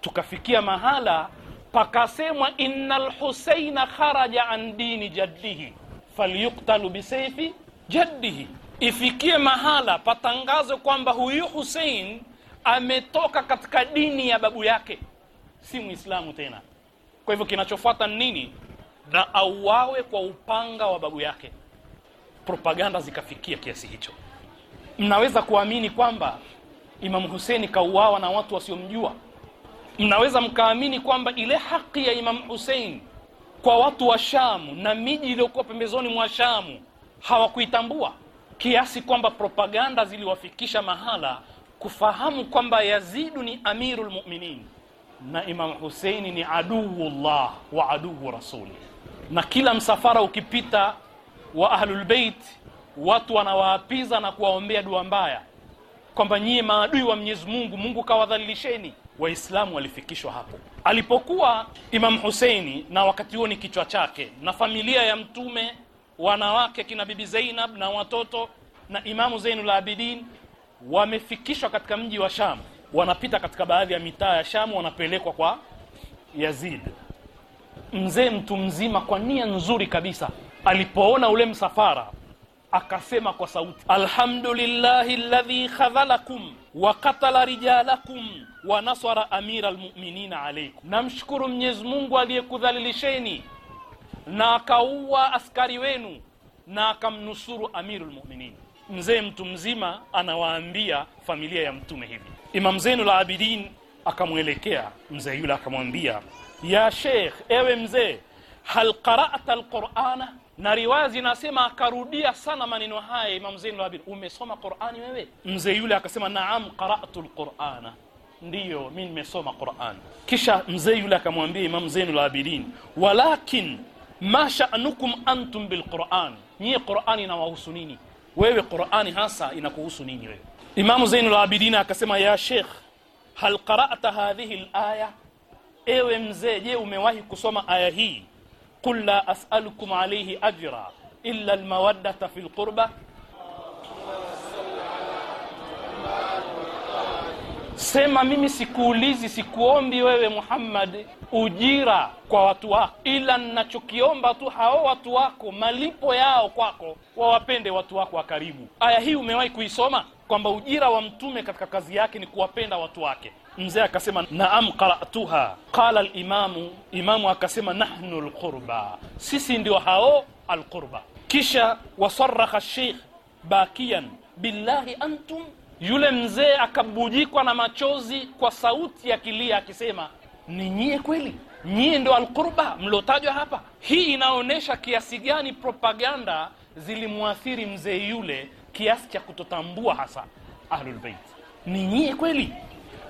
tukafikia mahala pakasemwa, innal husaina kharaja an dini jaddihi falyuktalu bisaifi jaddihi, ifikie mahala patangazwe kwamba huyu Husein ametoka katika dini ya babu yake, si mwislamu tena. Kwa hivyo kinachofuata ni nini? Na auawe kwa upanga wa babu yake propaganda zikafikia kiasi hicho. Mnaweza kuamini kwamba Imam Hussein kauawa na watu wasiomjua. Mnaweza mkaamini kwamba ile haki ya Imam Hussein kwa watu wa Shamu na miji iliyokuwa pembezoni mwa Shamu hawakuitambua, kiasi kwamba propaganda ziliwafikisha mahala kufahamu kwamba Yazidu ni amiru lmuminin na Imam Huseini ni llah wa aduwu rasuli, na kila msafara ukipita wa ahlulbeit watu wanawaapiza na kuwaombea dua mbaya kwamba nyie maadui wa Mwenyezi Mungu, Mungu kawadhalilisheni. Waislamu walifikishwa hapo alipokuwa Imam Huseini, na wakati huo ni kichwa chake na familia ya Mtume, wanawake kina Bibi Zainab na watoto na Imamu Zainul Abidin wamefikishwa katika mji wa Sham, wanapita katika baadhi ya mitaa ya Sham, wanapelekwa kwa Yazid, mzee mtu mzima, kwa nia nzuri kabisa alipoona ule msafara akasema kwa sauti, alhamdulillahi ladhi khadhalakum wa katala rijalakum wa nasara amira lmuminina alaikum, namshukuru Mwenyezi Mungu aliyekudhalilisheni na akaua askari wenu na akamnusuru amiru lmuminin Mzee mtu mzima anawaambia familia ya mtume hivi. Imam Zainul Abidin akamwelekea mzee yule akamwambia, ya sheikh, ewe mzee hal qara'ta alqur'ana na riwaya zinasema akarudia sana maneno haya Imam Zainul Abidin umesoma Qur'ani wewe mzee yule akasema naam qara'tu alqur'ana ndiyo mimi nimesoma Qur'an kisha mzee yule akamwambia Imam Zainul Abidin walakin ma sha'nukum antum bilqur'an nyie Qur'ani inawahusu nini wewe Qur'ani hasa inakuhusu nini wewe Imam Zainul Abidin akasema ya Sheikh hal qara'ta hadhihi alaya ewe mzee je umewahi kusoma aya hii qul la as'alukum alayhi ajra illa almawaddata fil qurba sema mimi sikuulizi sikuombi wewe Muhammad ujira kwa watu wako, ila ninachokiomba tu hao watu wako malipo yao kwako, wawapende watu wako wa karibu. Aya hii umewahi kuisoma kwamba ujira wa mtume katika kazi yake ni kuwapenda watu wake mzee akasema naam qara'tuha qala limamu imamu akasema nahnu lqurba sisi ndio hao alqurba kisha wasaraha sheikh bakian billahi antum yule mzee akabujikwa na machozi kwa sauti ya kilia akisema ni nyie kweli nyie ndio alqurba mliotajwa hapa hii inaonyesha kiasi gani propaganda zilimwathiri mzee yule kiasi cha kutotambua hasa ahlulbeit ni nyie kweli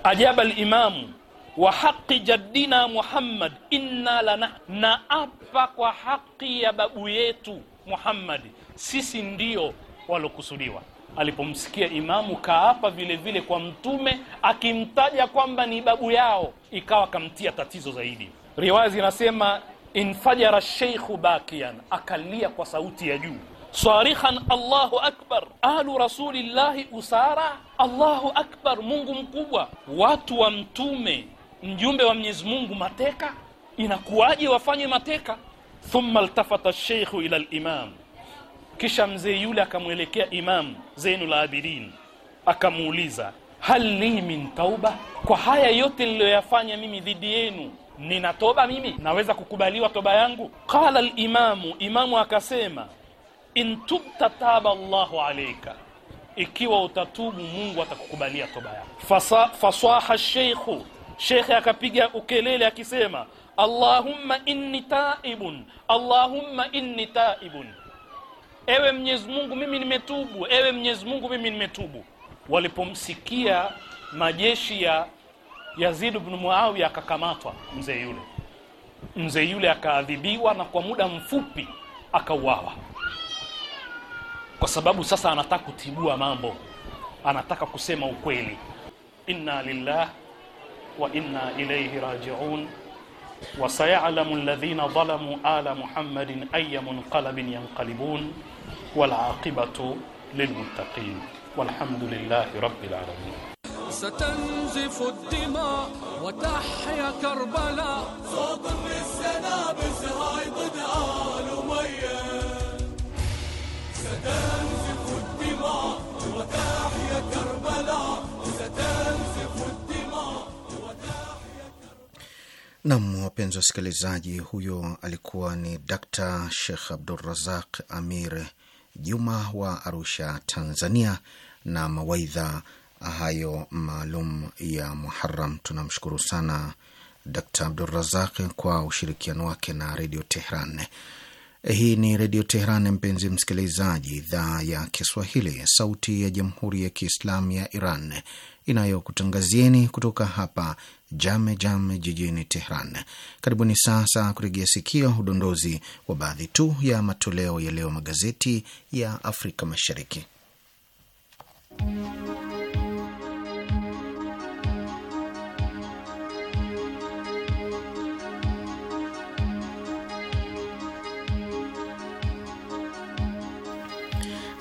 ajaba limamu wa haqi jaddina Muhammad inna lana na apa kwa haqi ya babu yetu Muhammad sisi ndio walokusudiwa alipomsikia imamu kaapa vile vile kwa mtume akimtaja kwamba ni babu yao ikawa kamtia tatizo zaidi riwaya zinasema infajara sheikhu bakian akalia kwa sauti ya juu صارخا الله akbar alu رسول الله أسارى الله أكبر Mungu mkubwa watu wa mtume mjumbe wa Mwenyezi Mungu mateka inakuwaje wafanye mateka thumma altafata ash ila limam kisha mzee yule akamwelekea imam Zainul Abidin akamuuliza hal li min tauba kwa haya yote niliyoyafanya mimi dhidi yenu nina toba mimi naweza kukubaliwa toba yangu qala al imamu akasema in tubta taba Allahu alayka, ikiwa utatubu Mungu atakukubalia toba yako. Fasaha sheikhu, shekhe akapiga ukelele akisema, Allahumma inni taibun, Allahumma inni taibun, ewe Mwenyezi Mungu mimi nimetubu, ewe Mwenyezi Mungu mimi nimetubu. Walipomsikia majeshi ya Yazid ibn Muawiya akakamatwa mzee yule, mzee yule akaadhibiwa na kwa muda mfupi akauawa kwa sababu sasa anataka kutibua mambo, anataka kusema ukweli. Inna lillah wa inna ilayhi rajiun wa sayalamu alladhina zalamu ala Muhammadin ayya munqalabin yanqalibun wal aqibatu lilmuttaqin walhamdulillahi rabbil alamin. ستنزف الدماء وتحيا كربلاء صوت من السنابل هاي ضدها Nam, wapenzi wasikilizaji, huyo alikuwa ni Dakta Shekh Abdurazaq Amir Juma wa Arusha, Tanzania, na mawaidha hayo maalum ya Muharam. Tunamshukuru sana Dakta Abdurazaq kwa ushirikiano wake na Redio Tehran. Hii ni Redio Teheran, mpenzi msikilizaji, idhaa ya Kiswahili, sauti ya Jamhuri ya Kiislamu ya Iran inayokutangazieni kutoka hapa Jame Jame jijini Tehran. Karibuni sasa kuregea sikio udondozi wa baadhi tu ya matoleo ya leo magazeti ya Afrika Mashariki.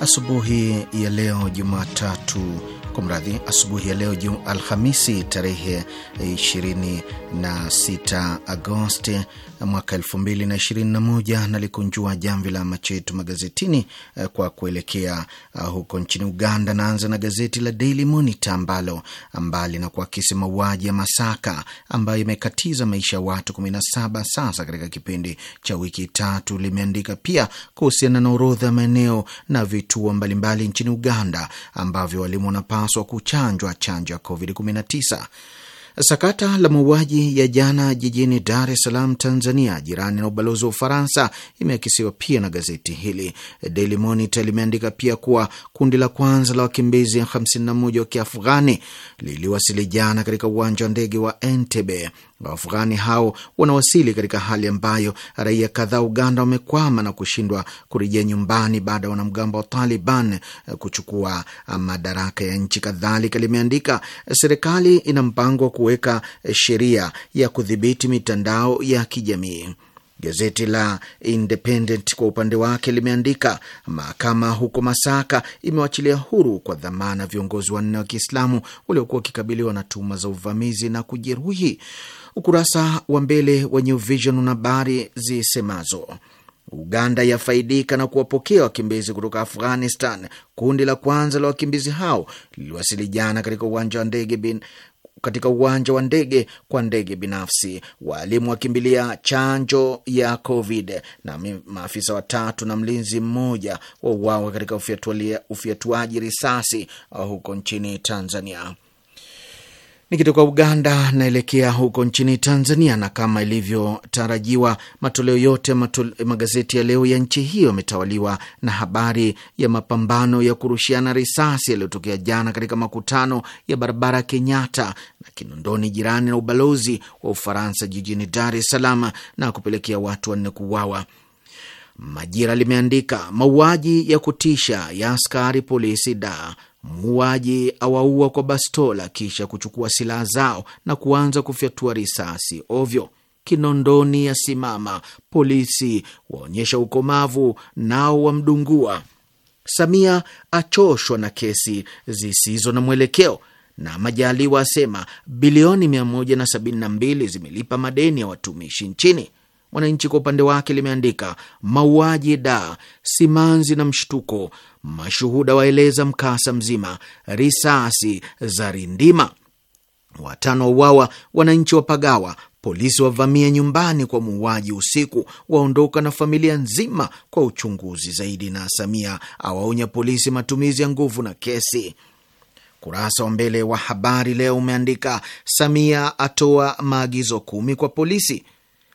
asubuhi ya leo Jumatatu, kwa mradhi, asubuhi ya leo Alhamisi tarehe 26 Agosti mwaka elfu mbili na ishirini na moja nalikunjua jamvi la machetu magazetini eh, kwa kuelekea eh, huko nchini Uganda. Naanza na gazeti la Daily Monitor ambalo ah, mbali na kuakisi mauaji ya Masaka ambayo imekatiza maisha ya watu 17 sasa katika kipindi cha wiki tatu, limeandika pia kuhusiana na orodha ya maeneo na vituo mbalimbali nchini Uganda ambavyo walimu wanapaswa kuchanjwa chanjo ya COVID-19. Sakata la mauaji ya jana jijini Dar es Salaam, Tanzania, jirani na ubalozi wa Ufaransa, imeakisiwa pia na gazeti hili. Daily Monitor limeandika pia kuwa kundi la kwanza la wakimbizi 51 wa kiafghani liliwasili jana katika uwanja wa ndege wa Entebbe Waafghani hao wanawasili katika hali ambayo raia kadhaa Uganda wamekwama na kushindwa kurejea nyumbani baada ya wanamgambo wa Taliban eh, kuchukua eh, madaraka ya nchi. Kadhalika limeandika eh, serikali ina mpango wa kuweka sheria ya kudhibiti mitandao ya kijamii. Gazeti la Independent kwa upande wake limeandika mahakama huko Masaka imewachilia huru kwa dhamana viongozi wanne wa Kiislamu waliokuwa wakikabiliwa na tuhuma za uvamizi na kujeruhi. Ukurasa wa mbele wa New Vision una habari zisemazo Uganda yafaidika na kuwapokea wakimbizi kutoka Afghanistan. Kundi la kwanza la wakimbizi hao liliwasili jana katika uwanja wa ndege katika uwanja wa ndege kwa ndege binafsi, waalimu wakimbilia chanjo ya COVID na maafisa watatu na mlinzi mmoja wauawa katika ufyatuaji risasi uh, huko nchini Tanzania. Nikitoka Uganda naelekea huko nchini Tanzania, na kama ilivyotarajiwa matoleo yote matole, magazeti ya leo ya nchi hiyo yametawaliwa na habari ya mapambano ya kurushiana risasi yaliyotokea jana katika makutano ya barabara ya Kenyatta na Kinondoni, jirani na ubalozi wa Ufaransa jijini Dar es Salaam, na kupelekea watu wanne kuuawa. Majira limeandika mauaji ya kutisha ya askari polisi da Muuaji awaua kwa bastola kisha kuchukua silaha zao na kuanza kufyatua risasi ovyo. Kinondoni yasimama, polisi waonyesha ukomavu, nao wamdungua. Samia achoshwa na kesi zisizo na mwelekeo na Majaliwa asema bilioni 172 zimelipa madeni ya watumishi nchini. Mwananchi kwa upande wake limeandika mauaji da simanzi na mshtuko, Mashuhuda waeleza mkasa mzima, risasi za rindima, watano wauawa, wananchi wapagawa, polisi wavamia nyumbani kwa muuaji usiku, waondoka na familia nzima kwa uchunguzi zaidi, na Samia awaonya polisi matumizi ya nguvu na kesi. Kurasa wa mbele wa Habari Leo umeandika Samia atoa maagizo kumi kwa polisi,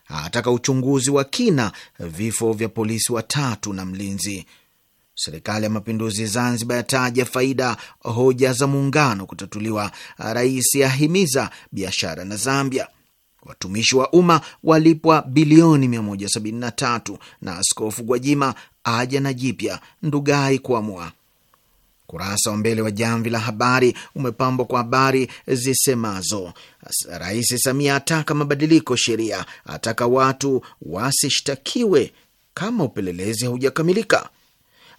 ataka uchunguzi wa kina vifo vya polisi watatu na mlinzi Serikali ya Mapinduzi Zanzibar yataja faida hoja za muungano kutatuliwa. Rais ahimiza biashara na Zambia. Watumishi wa umma walipwa bilioni 173 na Askofu Gwajima aja na jipya Ndugai kuamua. Kurasa wa mbele wa Jamvi la Habari umepambwa kwa habari zisemazo: Rais Samia ataka mabadiliko sheria, ataka watu wasishtakiwe kama upelelezi haujakamilika.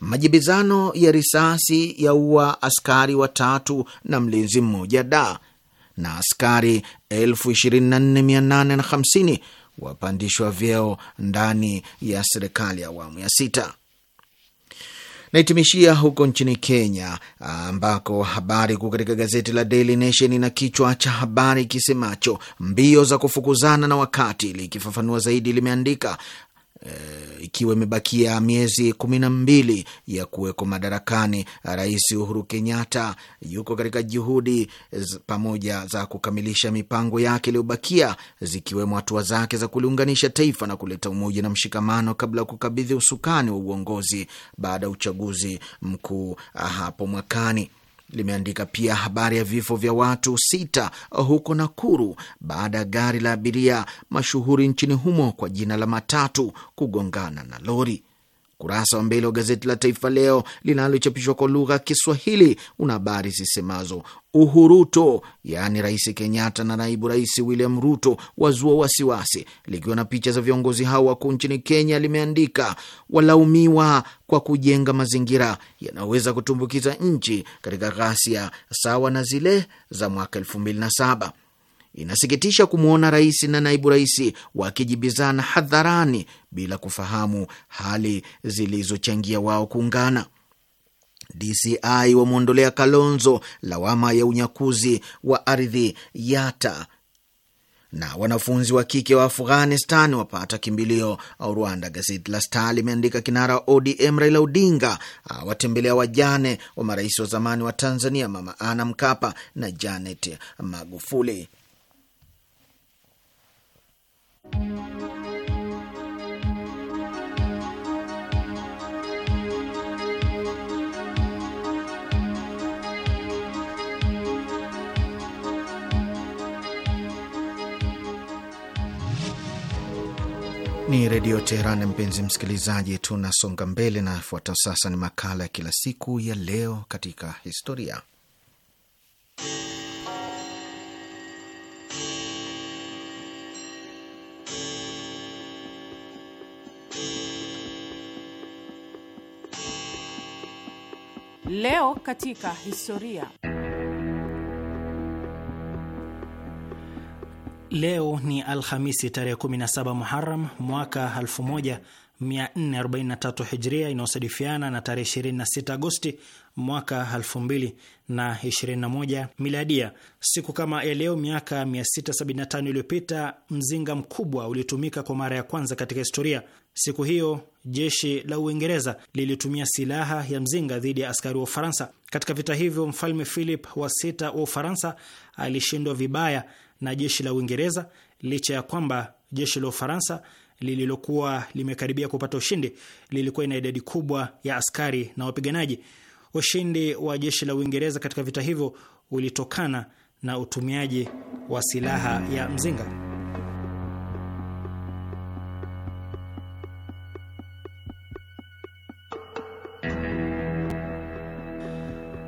Majibizano ya risasi yaua askari watatu na mlinzi mmoja da na askari 24850 wapandishwa vyeo ndani ya serikali ya awamu ya sita. Naitimishia huko nchini Kenya ambako habari kuu katika gazeti la Daily Nation ina kichwa cha habari kisemacho mbio za kufukuzana na wakati. Likifafanua zaidi, limeandika eh, ikiwa imebakia miezi kumi na mbili ya kuwekwa madarakani Rais Uhuru Kenyatta yuko katika juhudi pamoja za kukamilisha mipango yake iliyobakia zikiwemo hatua zake za kuliunganisha taifa na kuleta umoja na mshikamano kabla ya kukabidhi usukani wa uongozi baada ya uchaguzi mkuu ah, hapo mwakani limeandika pia habari ya vifo vya watu sita huko Nakuru baada ya gari la abiria mashuhuri nchini humo kwa jina la matatu kugongana na lori. Ukurasa wa mbele wa gazeti la Taifa Leo linalochapishwa kwa lugha ya Kiswahili una habari zisemazo Uhuruto, yaani Rais Kenyatta na naibu rais William Ruto wazua wasiwasi, likiwa na picha za viongozi hao wakuu nchini Kenya. Limeandika walaumiwa kwa kujenga mazingira yanayoweza kutumbukiza nchi katika ghasia sawa na zile za mwaka elfu mbili na saba. Inasikitisha kumwona rais na naibu rais wakijibizana hadharani bila kufahamu hali zilizochangia wao kuungana. DCI wamwondolea Kalonzo lawama ya unyakuzi wa ardhi Yata, na wanafunzi wa kike wa Afghanistan wapata kimbilio au Rwanda. Gazeti la Star limeandika kinara ODM Raila Odinga awatembelea wajane wa marais wa zamani wa Tanzania, Mama Ana Mkapa na Janet Magufuli. Ni Redio Teheran, mpenzi msikilizaji, tunasonga mbele na fuata sasa. Ni makala ya kila siku ya leo katika historia. Leo katika historia. Leo ni Alhamisi tarehe 17 Muharam mwaka 1443 Hijria, inayosadifiana na tarehe 26 Agosti mwaka 2021 Miladia. Siku kama ya leo miaka 675 iliyopita, mzinga mkubwa ulitumika kwa mara ya kwanza katika historia. Siku hiyo jeshi la Uingereza lilitumia silaha ya mzinga dhidi ya askari wa Ufaransa. Katika vita hivyo, mfalme Philip wa sita wa Ufaransa alishindwa vibaya na jeshi la Uingereza, licha ya kwamba jeshi la Ufaransa lililokuwa limekaribia kupata ushindi lilikuwa ina idadi kubwa ya askari na wapiganaji. Ushindi wa jeshi la Uingereza katika vita hivyo ulitokana na utumiaji wa silaha ya mzinga.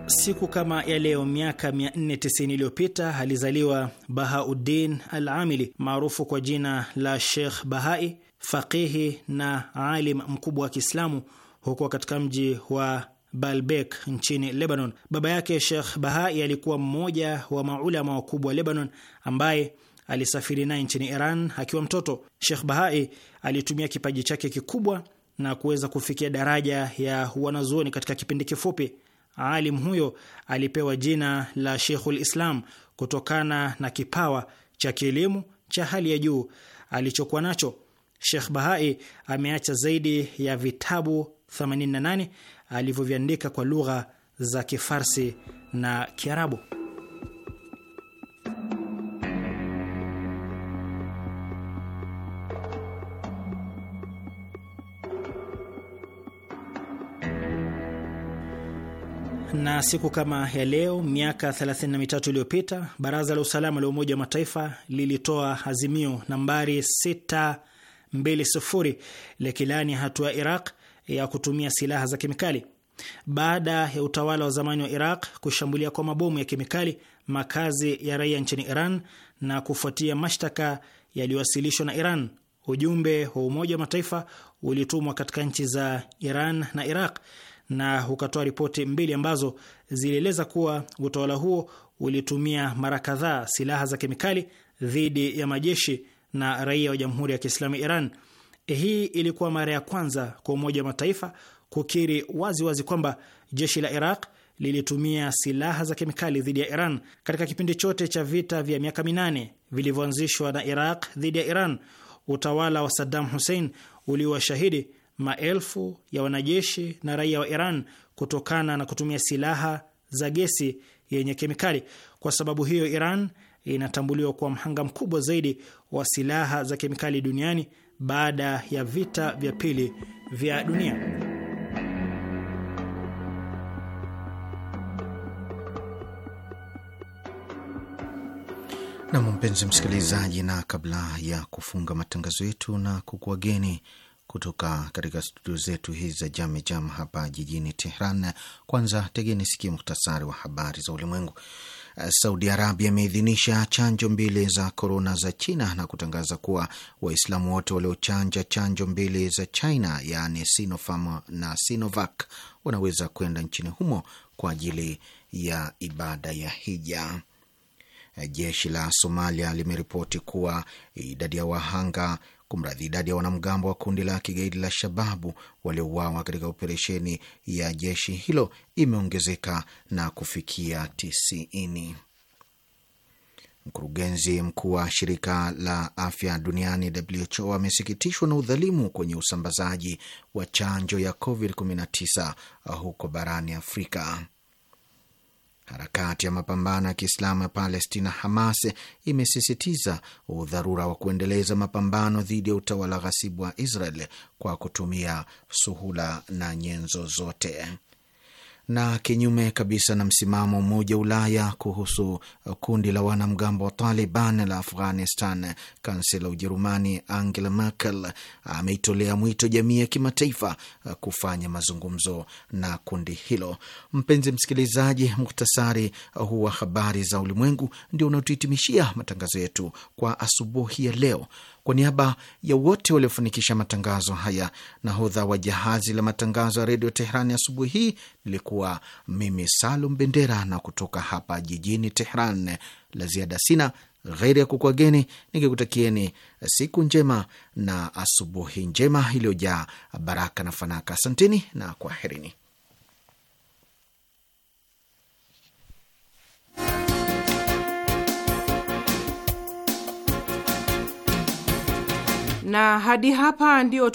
Siku kama ya leo miaka 490 iliyopita alizaliwa Bahauddin al-Amili maarufu kwa jina la Sheikh Bahai, faqihi na alim mkubwa wa Kiislamu huko katika mji wa Baalbek nchini Lebanon. Baba yake Sheikh Bahai alikuwa mmoja wa maulama wakubwa wa Lebanon ambaye alisafiri naye nchini Iran akiwa mtoto. Sheikh Bahai alitumia kipaji chake kikubwa na kuweza kufikia daraja ya wanazuoni katika kipindi kifupi. Alim huyo alipewa jina la Sheikhul Islam kutokana na kipawa cha kielimu cha hali ya juu alichokuwa nacho. Sheikh Bahai ameacha zaidi ya vitabu 88 alivyoviandika kwa lugha za Kifarsi na Kiarabu. Na siku kama ya leo miaka 33 iliyopita baraza la usalama la Umoja wa Mataifa lilitoa azimio nambari 620 likilani hatua ya Iraq ya kutumia silaha za kemikali baada ya utawala wa zamani wa Iraq kushambulia kwa mabomu ya kemikali makazi ya raia nchini Iran na kufuatia mashtaka yaliyowasilishwa na Iran. Ujumbe wa Umoja wa Mataifa ulitumwa katika nchi za Iran na Iraq na ukatoa ripoti mbili ambazo zilieleza kuwa utawala huo ulitumia mara kadhaa silaha za kemikali dhidi ya majeshi na raia wa Jamhuri ya Kiislamu Iran. Hii ilikuwa mara ya kwanza kwa Umoja wa Mataifa kukiri waziwazi wazi kwamba jeshi la Iraq lilitumia silaha za kemikali dhidi ya Iran katika kipindi chote cha vita vya miaka minane vilivyoanzishwa na Iraq dhidi ya Iran. Utawala wa Saddam Hussein uliwashahidi maelfu ya wanajeshi na raia wa Iran kutokana na kutumia silaha za gesi yenye kemikali. Kwa sababu hiyo, Iran inatambuliwa kuwa mhanga mkubwa zaidi wa silaha za kemikali duniani baada ya vita vya pili vya dunia. Nam, mpenzi msikilizaji, na kabla ya kufunga matangazo yetu na kukuageni kutoka katika studio zetu hizi za Jam hapa jijini Tehran. Kwanza tegeni sikia muhtasari wa habari za ulimwengu. Saudi Arabia imeidhinisha chanjo mbili za korona za China na kutangaza kuwa Waislamu wote waliochanja chanjo mbili za China yaani Sinopharm na Sinovac wanaweza kwenda nchini humo kwa ajili ya ibada ya hija. Jeshi la Somalia limeripoti kuwa idadi ya wahanga Kumradhi, idadi ya wanamgambo wa kundi la kigaidi la Shababu waliouawa katika operesheni ya jeshi hilo imeongezeka na kufikia tisini. Mkurugenzi mkuu wa shirika la afya duniani WHO amesikitishwa na udhalimu kwenye usambazaji wa chanjo ya COVID-19 huko barani Afrika. Harakati ya mapambano ya Kiislamu ya Palestina, Hamas, imesisitiza udharura wa kuendeleza mapambano dhidi ya utawala ghasibu wa Israel kwa kutumia suhula na nyenzo zote na kinyume kabisa na msimamo mmoja Umoja wa Ulaya kuhusu kundi la wanamgambo wa Taliban la Afghanistan, kansela Ujerumani Angela Merkel ameitolea mwito jamii ya kimataifa kufanya mazungumzo na kundi hilo. Mpenzi msikilizaji, muktasari huu wa habari za ulimwengu ndio unaotuhitimishia matangazo yetu kwa asubuhi ya leo. Kwa niaba ya wote waliofanikisha matangazo haya, nahodha wa jahazi la matangazo ya redio Teherani asubuhi hii nilikuwa mimi Salum Bendera, na kutoka hapa jijini teheran la ziada sina ghairi ya kukwageni nikikutakieni siku njema na asubuhi njema iliyojaa baraka na fanaka. Asanteni na kwaherini. na hadi hapa ndio